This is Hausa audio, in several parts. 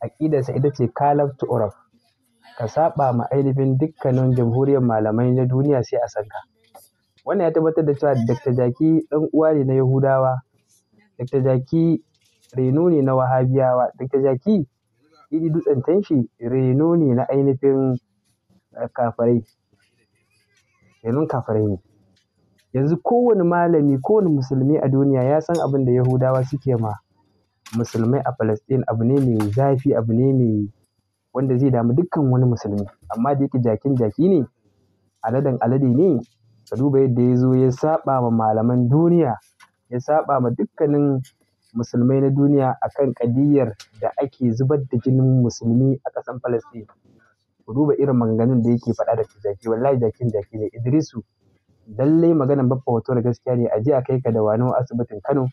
aƙidarsa ita ce kalaf to uraf ka saba ma ainihin dukkanin jamhuriyar malamai na duniya sai a sanka wannan ya tabbatar da cewa dr jaki dan uwa ne na yahudawa dr jaki reno ne na wahabiyawa dr jaki iri dutsen tanshi reno ne na ainihin eh, kafarai kafarai ne yanzu kowane malami kowane musulmi a duniya ya san abin da yahudawa suke ma musulmai a Falasɗin abu ne mai zafi, abu ne mai wanda zai damu dukkan wani musulmi. Amma da yake jakin jaki ne, aladen alade ne, ka duba yadda ya zo ya saɓa ma malaman duniya, ya saɓa ma dukkanin musulmai na duniya akan ƙadiyyar da ake zubar da jinin musulmi a ƙasan Falasɗin. Ku duba irin maganganun da yake faɗa da jaki, wallahi jakin jaki ne. Idrisu, lallai maganan Baffa da gaskiya ne, a ji a kai ka da Dawanau asibitin Kano.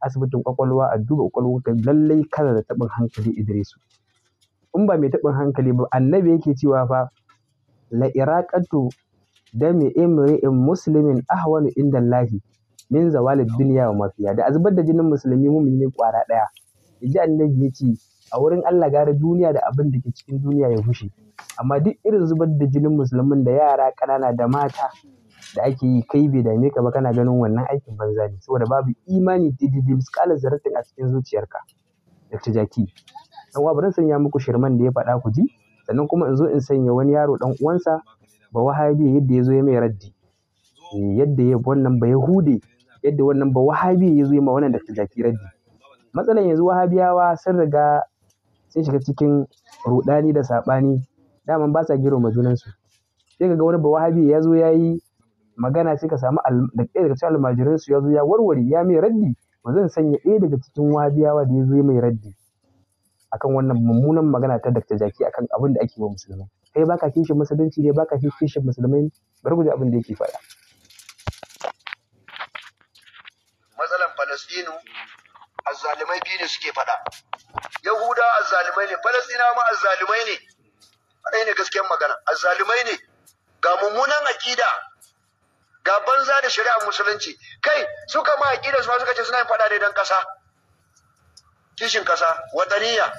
asibitin kwakwalwa a duba ka lallai kada da taɓin hankali Idrisu in ba mai taɓin hankali ba annabi yake cewa fa la iraqatu dami imri'in muslimin ahwanu inda lahi min zawalid dunya wa mafiya da azubar da jinin musulmi mumini kwara daya yaji annabi yace a wurin Allah gara duniya da abin da ke cikin duniya ya fushi amma duk irin zubar da jinin musulmin da yara ƙanana da mata da ake yi kai bai dame ka ba kana ganin wannan aikin banza ne saboda babu imani dididi miskalar zarafin a cikin zuciyarka ta Jaki dan uwa bari sanya muku shirman da ya faɗa ku ji sannan kuma in zo in sanya wani yaro dan uwansa ba wahabi yadda ya zo ya mai raddi eh, yadda ya wannan ba yahude yadda wannan ba wahabi ya zo ya ma wannan ta Jaki raddi matsalan yanzu wahabiyawa sun riga sun shiga cikin rudani da sabani daman ba sa girma junansu sai ga wani ba wahabi ya zo ya yi magana sai ka samu ɗaya daga cikin almajiran su ya zo ya warware ya mai raddi ba zan sanya ɗaya daga cikin wahabiyawa da ya zo mai raddi akan wannan mummunan magana ta Dr. Jaki akan abin da ake wa musulmai kai baka kishin musulunci ne baka kishin musulmai bari guje abin da yake faɗa matsalan Falastinu azzalumai biyu ne suke faɗa Yahuda azzalumai ne Falastina ma azzalumai ne ɗaya ne gaskiyar magana azzalumai ne ga mummunan aƙida ga banza da shari'ar musulunci kai suka ma aƙidar su ma suka ce suna yin faɗa ne don ƙasa kishin ƙasa wataniya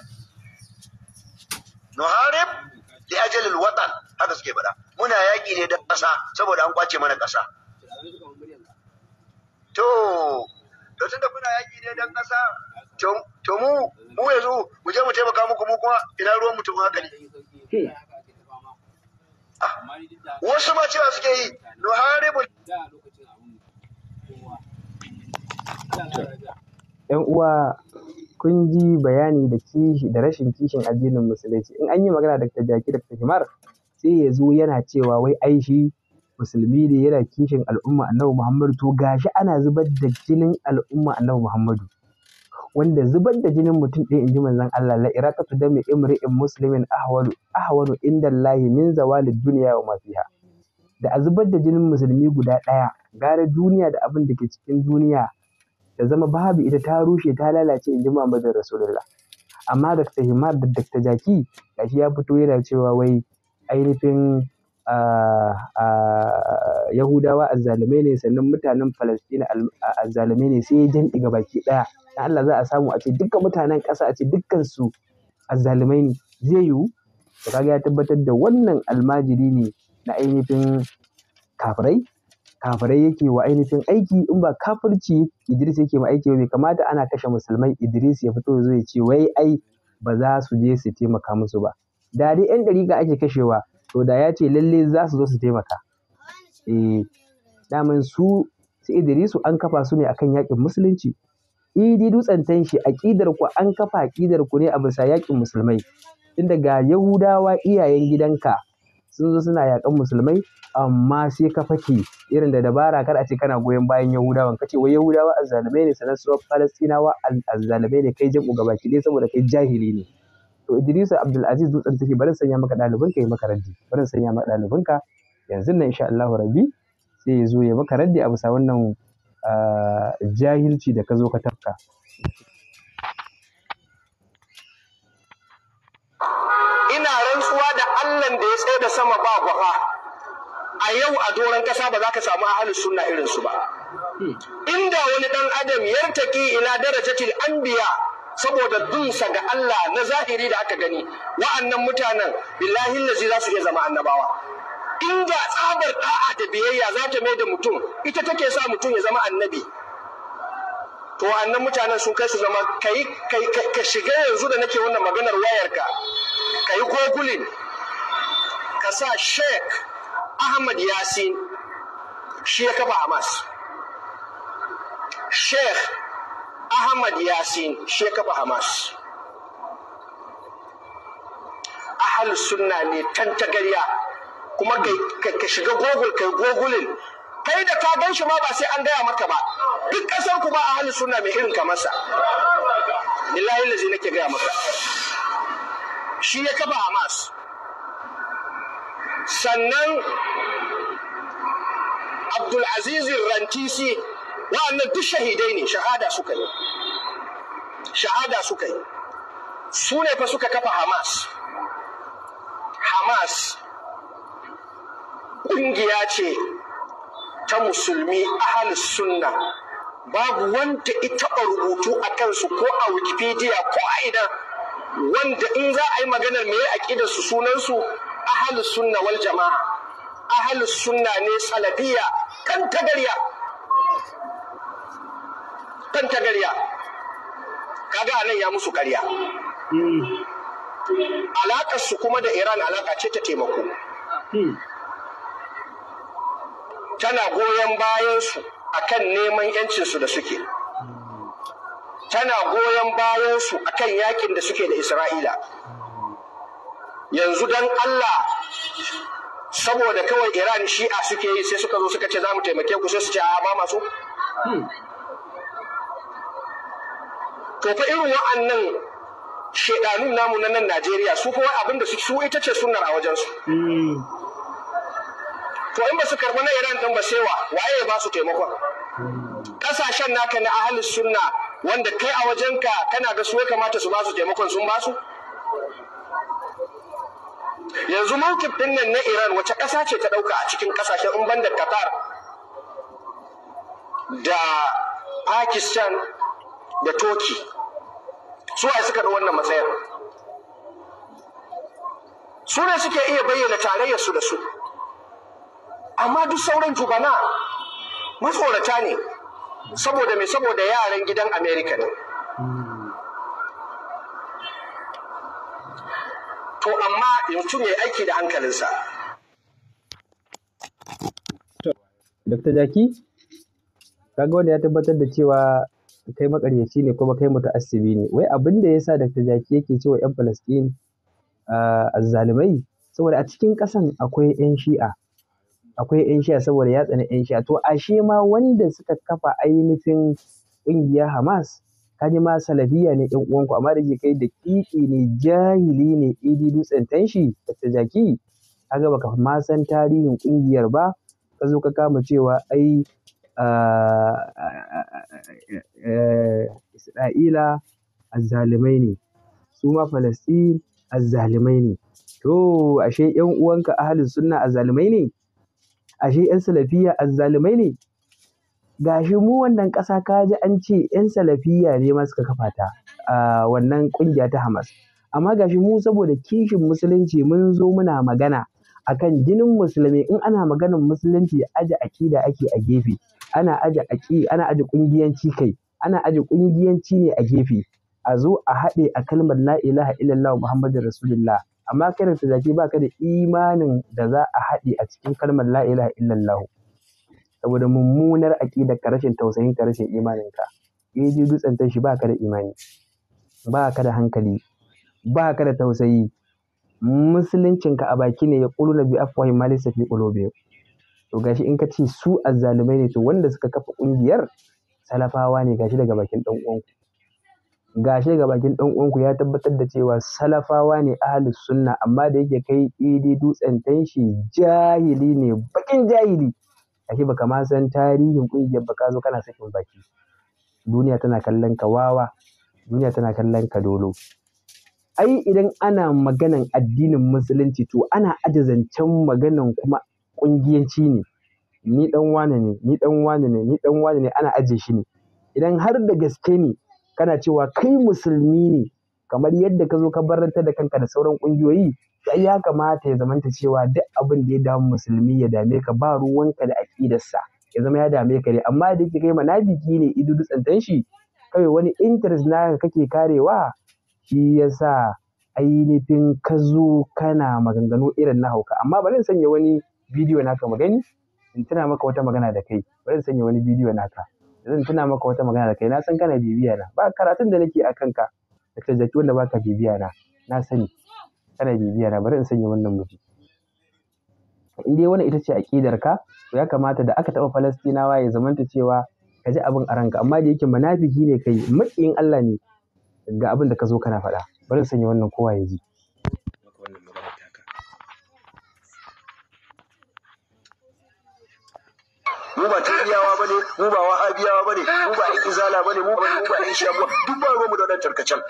nuharib li ajalil watan haka suke faɗa muna yaƙi ne don ƙasa saboda an kwace mana ƙasa to to tun da kuna yaƙi ne don ƙasa to mu mu yanzu mu je mu taimaka muku mu kuma ina ruwan mutum haka ne hmm. wasu ma cewa suke yi haribu yan uwa kun ji bayani da kishi da rashin kishin addinin musulunci in an yi magana da jaki da himar sai ya zo yana cewa wai ai shi musulmi ne yana kishin al'umma annabi muhammadu to gashi ana zubar da jinin al'umma annabi muhammadu wanda zubar da jinin mutum ɗin in ji manzon Allah la iraqatu dami imri'in muslimin ahwalu ahwalu inda lahi min zawali duniya wa ma fiha da a zubar da jinin musulmi guda ɗaya gara duniya da abin da ke cikin duniya da zama babu ita ta rushe ta lalace inji Muhammadu Rasulullah amma Dr. Himar da Dr. Jaki gashi ya fito yana cewa wai ainihin Yahudawa a zalume ne sannan mutanen a zalume ne sai ya jan ga baki ɗaya da Allah za a samu a ce dukkan mutanen ƙasa a ce dukkan su azzalumai ne zai yiwu to kaga ya tabbatar da wannan almajiri ne na ainihin kafirai kafirai yake wa ainihin aiki in ba kafirci Idris yake ma aiki bai kamata ana kashe musulmai Idris ya fito zai ce wai ai ba za su je su taimaka musu ba da dai yan dariƙa ake kashewa to da ya ce lalle za su zo su taimaka eh daman su su su an kafa su ne akan yakin musulunci idi dutsen shi aƙidar ku an kafa aƙidar ku ne a bisa yaƙin musulmai tunda ga yahudawa iyayen gidanka sun zo suna yaƙan musulmai amma sai ka fake irin da dabara kar a ce kana goyon bayan yahudawan ka ce wai yahudawa azzalumai ne sanan su falastinawa azzalumai ne kai jam'u gabaki ɗaya saboda kai jahili ne to idrisu abdulaziz dutsen take bari sanya maka ɗalibinka ya maka raddi bari sanya maka ɗalibinka yanzu nan insha allahu rabbi sai ya zo ya maka raddi a bisa wannan Ah, jahilci da ka zo ka tafka ina rantsuwa da Allah da ya tsaye da sama ba gwafa a yau a doron ƙasa ba za ka samu ahalin suna irin su ba inda wani ɗan adam yartaki ila an biya saboda dunsa ga Allah na zahiri da aka gani wa'annan mutanen billahi lazi za su iya zama annabawa inda tsabar da'a da biyayya za ta mai da mutum ita take sa mutum ya zama annabi to annan mutanen sun kai su zama kai ka shiga yanzu da nake wannan maganar wayarka ka yi gogulin ka sa sheikh ahmad yasin shi ya kafa hamas sheikh ahmad yasin shi ya kafa hamas ahal sunna ne tantagariya kuma ka shiga google kai gogulin kai da ka gan shi ma ba sai an gaya maka ba duk kasar ku ba a halin suna mai irin sa lillahi lazi nake gaya maka shi ya kafa hamas sannan aziz rantisi wa'annan duk shahidai ne shahada suka yi shahada suka yi su ne fa suka kafa hamas hamas ƙungiya ce ta musulmi ahal sunna babu wanda ita rubutu a kansu ko a wikipedia ko a ina wanda in za a yi maganar me ya su sunansu ahal sunna wal jama'a ahal sunna ne salafiya kan tagarya kan tagarya kaga nan ya musu karya hmm. alaƙarsu kuma da iran alaƙa ce ta taimako hmm. tana goyon bayansu a kan neman yancinsu da suke tana goyon bayansu a kan yakin da suke da isra'ila yanzu don allah saboda kawai iran shi'a suke yi sai suka zo suka ce za mu taimake ku sai su ce a ba masu to fa irin wa'annan shaidanun namu na nan najeriya su kawai abinda su ita ce sunar a wajensu hmm. to in ba su karɓi na iran ɗin ba sai wa waye ba su taimakon ƙasashen naka na ahli sunna wanda kai a wajenka kana ga su ya kamata su ba su taimakon sun ba su yanzu mawkifin nan na iran wace ƙasa ce ta ɗauka a cikin ƙasashen in banda qatar da pakistan da turkey su a suka ɗau wannan matsayar su ne suke iya bayyana tarayyarsu da su amma duk sauran jugana matsorata ne saboda mai saboda yaran gidan amerika ne to amma yanzu ya aiki da hankalinsa Dr. Jaki, kaga wanda ya tabbatar da cewa kai makaryaci ne kuma kai mutu asibi ne wai abin da sa Dr. Jaki yake cewa 'yan a ah, zalimai saboda a cikin kasan akwai 'yan shi'a akwai 'yan shiya saboda ya tsani 'yan shiya to ashe ma wanda suka kafa ainihin ƙungiyar hamas kaji ma salafiya ne yan uwanku amma da ke kai da kiki ne jahili ne idi dutsen tanshi da jaki kaga baka ma san tarihin ƙungiyar ba ka zo ka kama cewa ai isra'ila azzalimai ne su ma falastin azzalimai ne to ashe yan uwanka ahalin sunna azzalimai ne ashe 'yan salafiya azzalumai ne gashi mu wannan ƙasa ka ji an ce 'yan salafiya ne ma suka kafa ta a wannan ƙungiya ta Hamas amma gashi mu saboda kishin musulunci mun zo muna magana akan jinin musulmi in ana maganar musulunci aje akida ake a gefe ana aje aki ana aje kungiyanci kai ana aje kungiyanci ne a gefe a zo a haɗe a kalmar la ilaha illallah muhammadur rasulullah amma kai da ba da imanin da za a haɗe a cikin kalmar la ilaha illallah saboda mummunar aƙidar ka rashin tausayin ka rashin imanin ka yaji dutsen ta ba ka da imani ba da hankali ba da tausayi musuluncin ka a baki ne ya kuluna bi afwahi ma fi qulubihim to gashi in ka ce su azzalumai ne to wanda suka kafa ƙungiyar salafawa ne gashi daga bakin dan uwanku Gashe ga bakin dan uwanku ya tabbatar da cewa salafawa ne ahlus sunna amma da yake kai idi dutsen tanshi jahili ne bakin jahili ashe baka ma san tarihin kungiyar baka zo kana sakin baki duniya tana kallon ka wawa duniya tana kallon ka dolo ai idan ana maganan addinin musulunci to ana aje zancen maganan kuma kungiyanci ne ni dan wane ne ni dan wane ne ni dan wane ne ana aje shi ne idan har da gaske ne kana cewa kai musulmi ne kamar yadda ka zo ka barantar da kanka da sauran ƙungiyoyi sai ya kamata ya zamanta cewa duk abin da ya damu musulmi ya dame ka ba ruwanka da aƙidarsa ya zama ya dame ka ne amma da ke kai biki ne idu dutsantan shi kawai wani interest naka kake karewa shi yasa ainihin ka zo kana maganganu irin na hauka amma ba zan sanya wani bidiyo naka magani in tuna maka wata magana da kai Ba zan sanya wani bidiyo naka zan tuna maka wata magana da kai na san kana bibiya na ba karatun da nake a kanka da zaki wanda baka bibiya na na sani kana bibiya na bari in sanya wannan miji in dai wannan ita ce aqidar ka to ya kamata da aka taɓa falastinawa ya zamanta cewa ka ji abin a ranka amma da yake munafiki ne kai maƙiyin Allah ne ga abin da ka zo kana faɗa bari in sanya wannan kowa ya ji mu ba ba ne, mu ba wahabiyawa ne, mu ba in izala ne, mu ba mu ba in shi'a duk ba mu da wannan tarkacen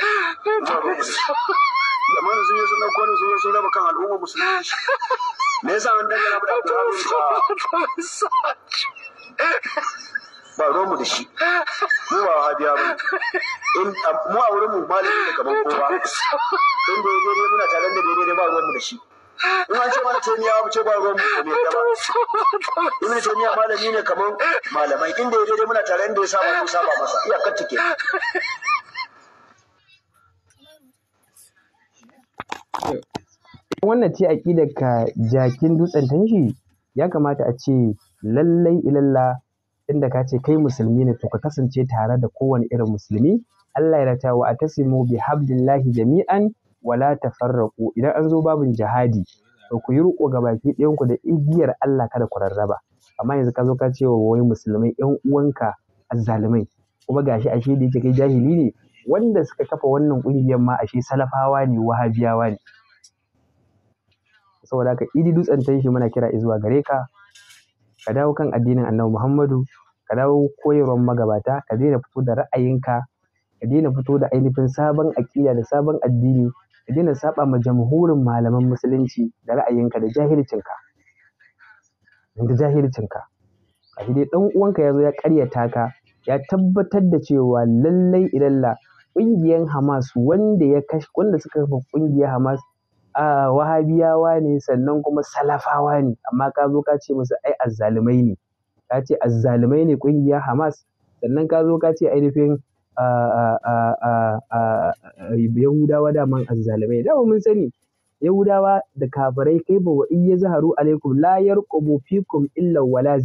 amma yanzu ne sun dauko ne sun zo sun raba kan al'umma musulmi me yasa an dangana da Abdulhamid ba ruwanmu da shi mu ba wahabiya ba mu a wurin mu malami da kaman kowa in ya daidai muna tare da daidai ba ruwanmu da shi in an ce mana taimiya mu ce ba ruwan mu ne da ba ibn taimiya malami ne kaman malamai inda ya daidai muna tare inda ya saba mu ba masa iyakar take wannan ce aƙidar ka jakin dutsen tanshi ya kamata a ce lallai ilalla inda ka ce kai musulmi ne to ka kasance tare da kowane irin musulmi Allah ya ratawa a tasimu bi hablillahi jami'an wala tafarraqu idan an zo babin jihadi to ku yi riƙo ga baki ɗayan ku da igiyar Allah kada ku rarraba amma yanzu ka zo ka ce wa wai musulmai ɗan uwanka azzalumai kuma gashi ashe da yake kai jahili ne wanda suka kafa wannan ƙungiyar ma ashe salafawa ne wahabiyawa ne saboda ka idi dutsen shi muna kira izuwa gare ka ka dawo kan addinin annabi muhammadu ka dawo koyarwar magabata ka daina fito da ra'ayinka ka daina fito da ainihin sabon aƙida da sabon addini ka daina saɓa ma jamhurin malaman musulunci da ra'ayinka da jahilcinka da jahilcinka kashi dai ɗan uwanka ya zo ya karyata ka ya tabbatar da cewa lallai ilalla ƙungiyar Hamas wanda ya kashe wanda suka kafa kungiyar Hamas a wahabiyawa ne sannan kuma salafawa ne amma ka zo ka ce musu ai azzalumai ne ka ce azzalumai ne ƙungiyar Hamas sannan ka zo ka ce ainihin Yahudawa daman azzalamai dama mun sani Yahudawa da kafirai kai ba in ya zaharu alaikum la yarqubu fikum illa wala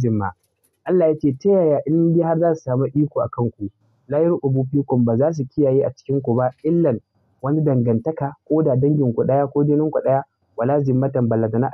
Allah ya ce ta yaya in dai har za su samu iko a kanku la yarqubu fikum ba za su kiyaye a cikin ku ba illan wani dangantaka ko da dangin ku daya ko jinin ku daya wala zimmatan balladana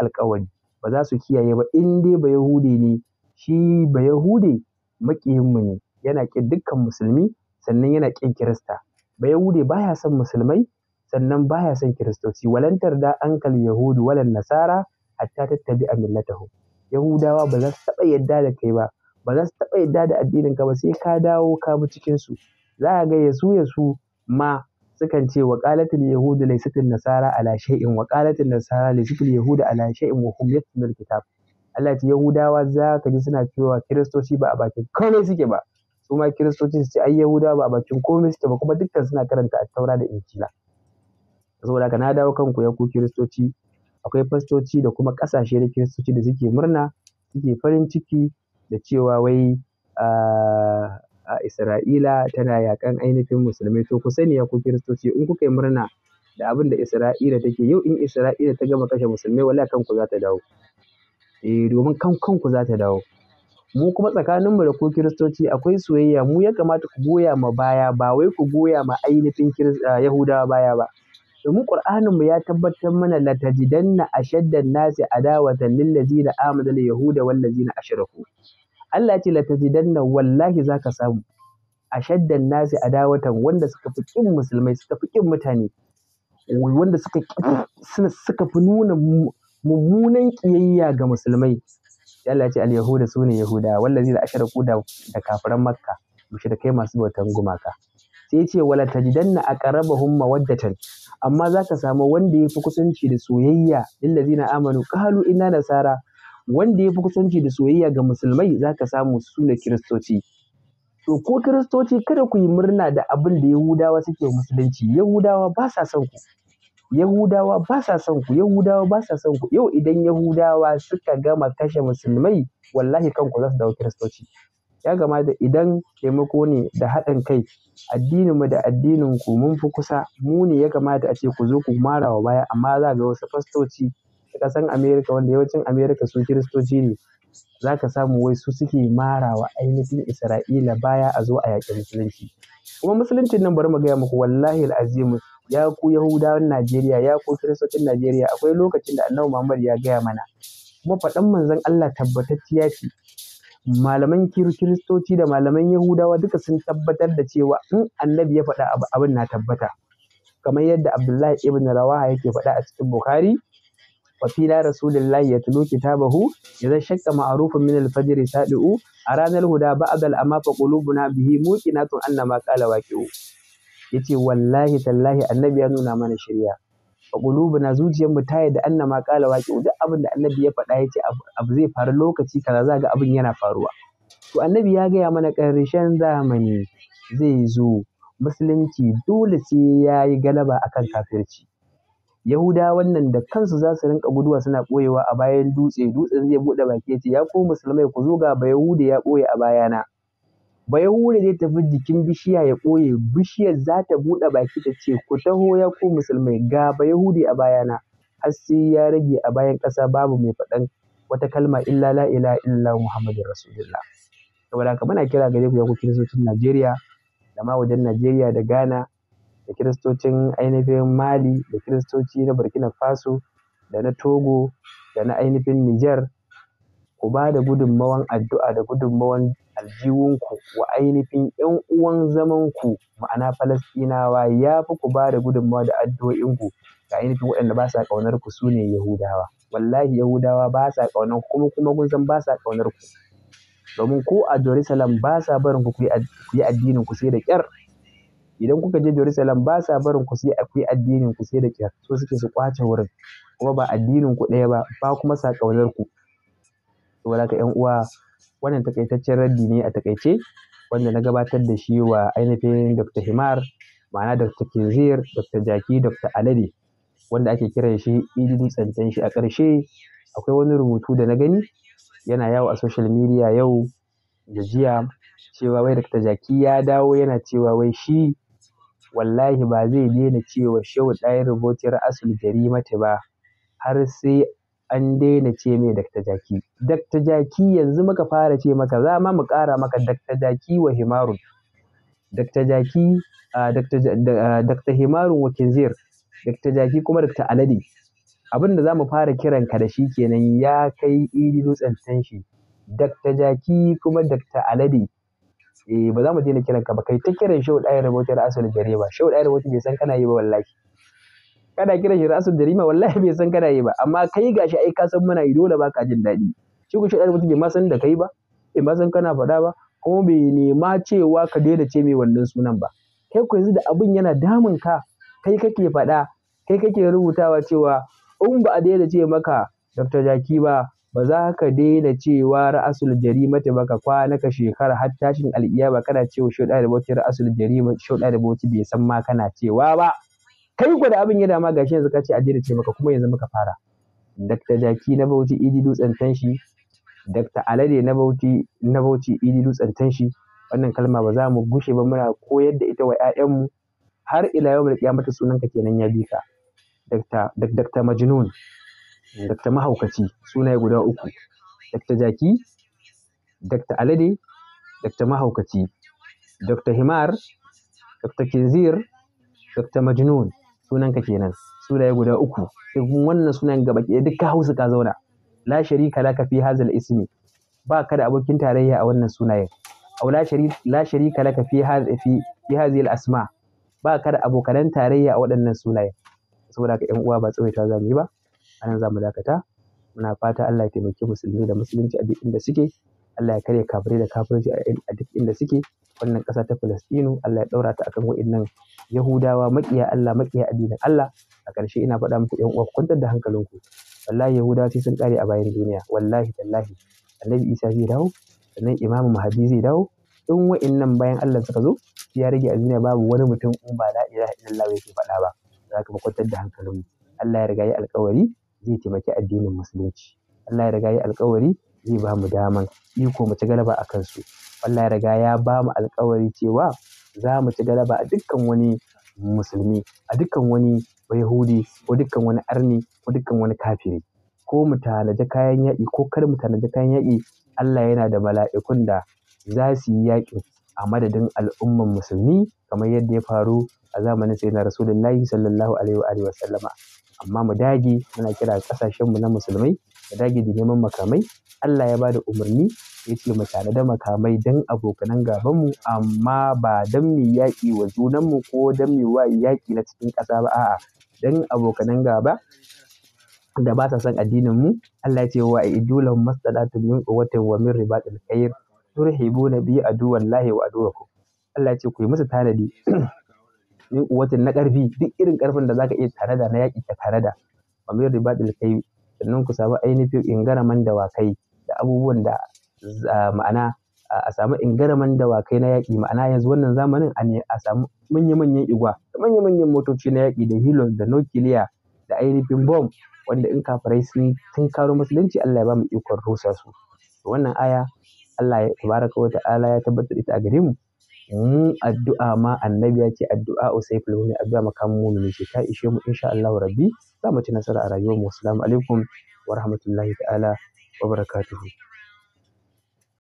ba za su kiyaye ba in dai ba Yahudi ne shi ba Yahudi maƙiyinmu ne yana ƙin dukkan musulmi sannan yana ƙin Kirista. Bayahude ya son musulmai sannan ba ya son Kiristoci. Walantar da ankal Yahudu walan Nasara hatta tattabi a millatahu Yahudawa ba za su taɓa yadda da kai ba, ba za su taɓa yadda da addininka ba sai ka dawo ka bi su Za a ga yasu yasu ma sukan ce wa qalatil yahudu laysatil nasara ala shay'in wa nasara laysatil yahudu ala shay'in wa hum yatlul kitab. Allah ce Yahudawa za ka ji suna cewa Kiristoci ba a bakin kawai suke ba. su ma kiristoci su ce ai yahuda ba bakin komai suke ba kuma dukkan suna karanta taura da injila saboda haka na dawo kanku ya ku kiristoci akwai fastoci da kuma kasashe da kiristoci da suke murna suke farin ciki da cewa wai a isra'ila tana yakan ainihin musulmai to ku sani ya ku kiristoci in kuka yi murna da abin da isra'ila take yau in isra'ila ta gama kashe musulmai wala kanku za ta dawo eh domin kan kanku za ta dawo Mu kuma tsakanin mu da ku Kiristoci akwai soyayya. Mu ya kamata ku goya ma baya ba wai ku goya ma ainihin eh, Yahudawa baya ba. Domin mu ya tabbatar mana "La tajidanna ashaddan nasi adawatan ladina amanu lil yahuda ladina ashraku." Allah ya ce "La tajidanna" wallahi za ka samu. Ashaddan nasi adawatan wanda suka fi ƙin musulmai, suka fi ƙin mutane, wanda suka suka fi nuna mummunan ƙiyayya ga musulmai. Allah ya ce al-yahuda su ne yahuda wallazi da asharaku da da kafiran makka mushrikai masu bautan gumaka sai ce wala tajidanna aqrabahum mawaddatan amma zaka samu wanda yafi kusanci da soyayya lillazina amanu qalu inna nasara wanda yafi kusanci da soyayya ga musulmai zaka samu su ne kiristoci to ko kiristoci kada ku yi murna da abin da yahudawa suke musulunci yahudawa ba sa son ku Yahudawa ba sa son ku, Yahudawa ba sa son ku. Yau idan Yahudawa suka gama kashe musulmai, wallahi kanku za su dawo Kiristoci. Ya gama da idan taimako ne da haɗin kai, addininmu da addininku mun fi kusa. Mu ne ya kamata ce ku zo ku mara wa baya amma za ga wasu fastoci a ƙasan amerika wanda yawancin amerika su Kiristoci ne. Za ka samu wai su suke mara wa ainihin Isra'ila baya a zo a yaƙi musulunci. Kuma musuluncin nan bari mu gaya muku wallahi al'azimu ya ku Yahudawan Najeriya, ya ku Kiristocin Najeriya, akwai lokacin da Annabi Muhammad ya gaya mana. Kuma faɗan manzon Allah tabbatacciya ce. Malaman Kiristoci da malaman Yahudawa duka sun tabbatar da cewa in Annabi ya faɗa abu abin na tabbata. Kamar yadda Abdullahi ibn Rawaha yake faɗa a cikin Bukhari, وفينا رسول الله يتلو كتابه إذا شك معروف من الفجر a أرانا huda ba'dal amma fa qulubuna bihi أن annama qala waqi'u yace wallahi tallahi annabi ya nuna mana shirya a na zuciyar mu ta da annama qala waqi duk abin da annabi ya faɗa yace abu zai faru lokaci kaza za ga abin yana faruwa to annabi ya gaya mana ƙarshen zamani zai zo musulunci dole sai ya yi galaba akan kafirci Yahuda wannan da kansu za su rinka guduwa suna ɓoyewa a bayan dutse, dutsen zai buɗe baki ya ce, Ya ko musulmai ku zo ga ba Yahuda ya ɓoye a bayana. Bayahure zai tafi jikin bishiya ya ɓoye, bishiyar za ta buɗe baki ta ce, Ku taho ya ku musulmai, ga Bayahude a bayana, har sai ya rage a bayan ƙasa babu mai faɗan wata kalma illa la ilaha illallah Muhammadun Rasulullah. Saboda haka muna kira gare ku ya ku kiristocin Najeriya da ma wajen Najeriya da Ghana da kiristocin ainihin Mali da kiristoci na Burkina Faso da na Togo da na ainihin niger ku ba da gudunmawan addu'a da gudunmawan ku wa ainihin ƴan uwan zamanku ma'ana Falasɗinawa ya fi ku ba da gudunmawa da addu'o'inku ga ainihin waɗanda ba sa ƙaunar ku su ne Yahudawa. Wallahi Yahudawa ba sa ƙaunar kuma kuma kun san ba sa ƙaunar ku. Domin ko a Jerusalem ba sa barin ku ku yi addinin ku sai da ƙyar. Idan kuka je Jerusalem ba sa barin ku sai ku yi addinin ku sai da ƙyar. So suke su kwace wurin. Kuma ba addinin ku ɗaya ba ba kuma sa ƙaunar ku. Saboda haka ƴan uwa wannan takaitaccen raddi ne a takaice wanda na gabatar da shi wa ainihin Dr. Himar ma'ana Dr. Kinzir Dr. Jaki Dr. Alade wanda ake kiran shi idin tsantan shi a ƙarshe akwai wani rubutu da na gani yana yawo a social media yau da jiya cewa wai Dr. Jaki ya dawo yana cewa wai shi wallahi ba zai daina cewa shehu ɗaya rubutun gari mata ba har sai an daina ce mai dakta jaki dakta jaki yanzu muka fara ce maka za ma mu ƙara maka dakta jaki wa himarun dakta jaki dakta himarun wa kinzir dakta jaki kuma dakta alade abin da za mu fara kiran ka da shi kenan ya kai idi dutsen tanshi dakta jaki kuma dakta alade eh ba za mu daina kiran ka ba kai ta kiran shau ɗaya rahoton asali gare ba shau ɗaya rahoton bai san kana yi ba wallahi Kada kira shi rasul jarima wallahi bai san kana yi ba amma kai gashi ai ka san muna yi dole ba ka jin daɗi shi ku shaɗar mutum bai ma san da kai ba bai ma san kana faɗa ba kuma bai nema cewa ka daina ce mai wannan sunan ba kai ku yanzu da abin yana damun ka kai kake faɗa kai kake rubutawa cewa in ba a daina ce maka dr jaki ba ba za ka daina cewa ra'asul jarima ta ka kwana ka shekara har tashin ba kana cewa shoɗa da bauti ra'asul jarima shoɗa da bauti bai san ma kana cewa ba kai gwada abin ya dama gashi yanzu ka ce a daina ce maka kuma yanzu muka fara Dr. Jaki na Bauchi Idi Dutsen Tanshi Dr. Alade na Bauchi na Bauchi Idi Dutsen Tanshi wannan kalma ba za mu gushe ba muna koyar da ita wa ƴaƴanmu har ila yau mata sunan sunanka kenan ya bi ka Dr. Dr. Majnun Dr. Mahaukaci sunaye guda uku Dr. Jaki Dr. Alade Dr. Mahaukaci Dr. Himar Dr. Kinzir Dr. Majnun ka kenan sunaye guda uku sai kuma wannan sunan gaba ke duk ka hausa ka zauna la sharika laka fi hazal ismi ba ka da abokin tarayya a wannan sunayen aw la sharika la sharika laka fi hadhi fi fi hadhihi asma ba ka da abokan tarayya a waɗannan sunayen saboda ka ƴan uwa ba tsawaita za mu yi ba anan za mu dakata muna fata Allah ya taimaki musulmi da musulunci a duk inda suke Allah ya karya kafirai da kafirci a duk inda suke wannan ƙasa ta Falastinu Allah ya ɗaura ta akan waɗannan yahudawa maƙiya Allah makiya addinin Allah a ƙarshe ina faɗa muku ƴan uwa ku kwantar da hankalinku wallahi yahudawa sai sun ƙare a bayan duniya wallahi tallahi annabi isa zai dawo sannan imamu mahadi zai dawo in wa'innan bayan Allah suka zo ya rage a duniya babu wani mutum in ba la ilaha illallah ke faɗa ba za ka kwantar da hankalinmu Allah ya riga ya alƙawari zai taimaki addinin musulunci Allah ya riga ya alƙawari zai ba mu daman iko mu ci galaba a kansu Allah ya riga ya ba mu alƙawari cewa za mu ci galaba a dukkan wani musulmi, a dukkan wani yahudi ko dukkan wani Arni, ko dukkan wani kafiri. Ko mu tanaji kayan yaƙi ko kar mu tanaji kayan yaƙi, Allah yana da mala'ikun da za su yi yaƙi a madadin al'umman musulmi kamar yadda ya faru a zamanin sai na Rasulullahi Sallallahu Alaihi wa Sallama. Amma mu dage muna kira ƙasashenmu na musulmai mu dage da neman makamai Allah ya ba da umarni ya ce mu tanada makamai don abokanan gabanmu amma ba don mu yaƙi wa junanmu ko don mu wa yaƙi na cikin ƙasa ba a'a don abokanan gaba da ba sa son addinin mu Allah ya ce wa idulan mastadatun min quwwatin wa min ribatil khair turhibuna bi aduwallahi wa aduwakum Allah ya ce ku yi musu tanadi min quwwatin na ƙarfi duk irin ƙarfin da zaka iya da na yaƙi tare da wa min ribatil khair sannan ku samu ainihin ingaraman dawakai da abubuwan da ma'ana a samu ingaraman dawakai na yaƙi ma'ana yanzu wannan zamanin a a samu manya-manyan igwa da manya-manyan motoci na yaƙi da hilos da nukiliya da ainihin bom wanda in kafirai sun tun karo musulunci Allah ya ba mu ikon rusa su wannan aya Allah ya tabaraka wa ta'ala ya tabbatar ita a gare mu mu addu'a ma annabi ya ce addu'a usaiful mu'min addu'a makamin mu'min ce ta ishe mu insha Allah rabbi za mu ci nasara a rayuwar mu assalamu alaikum wa rahmatullahi ta'ala वबरकू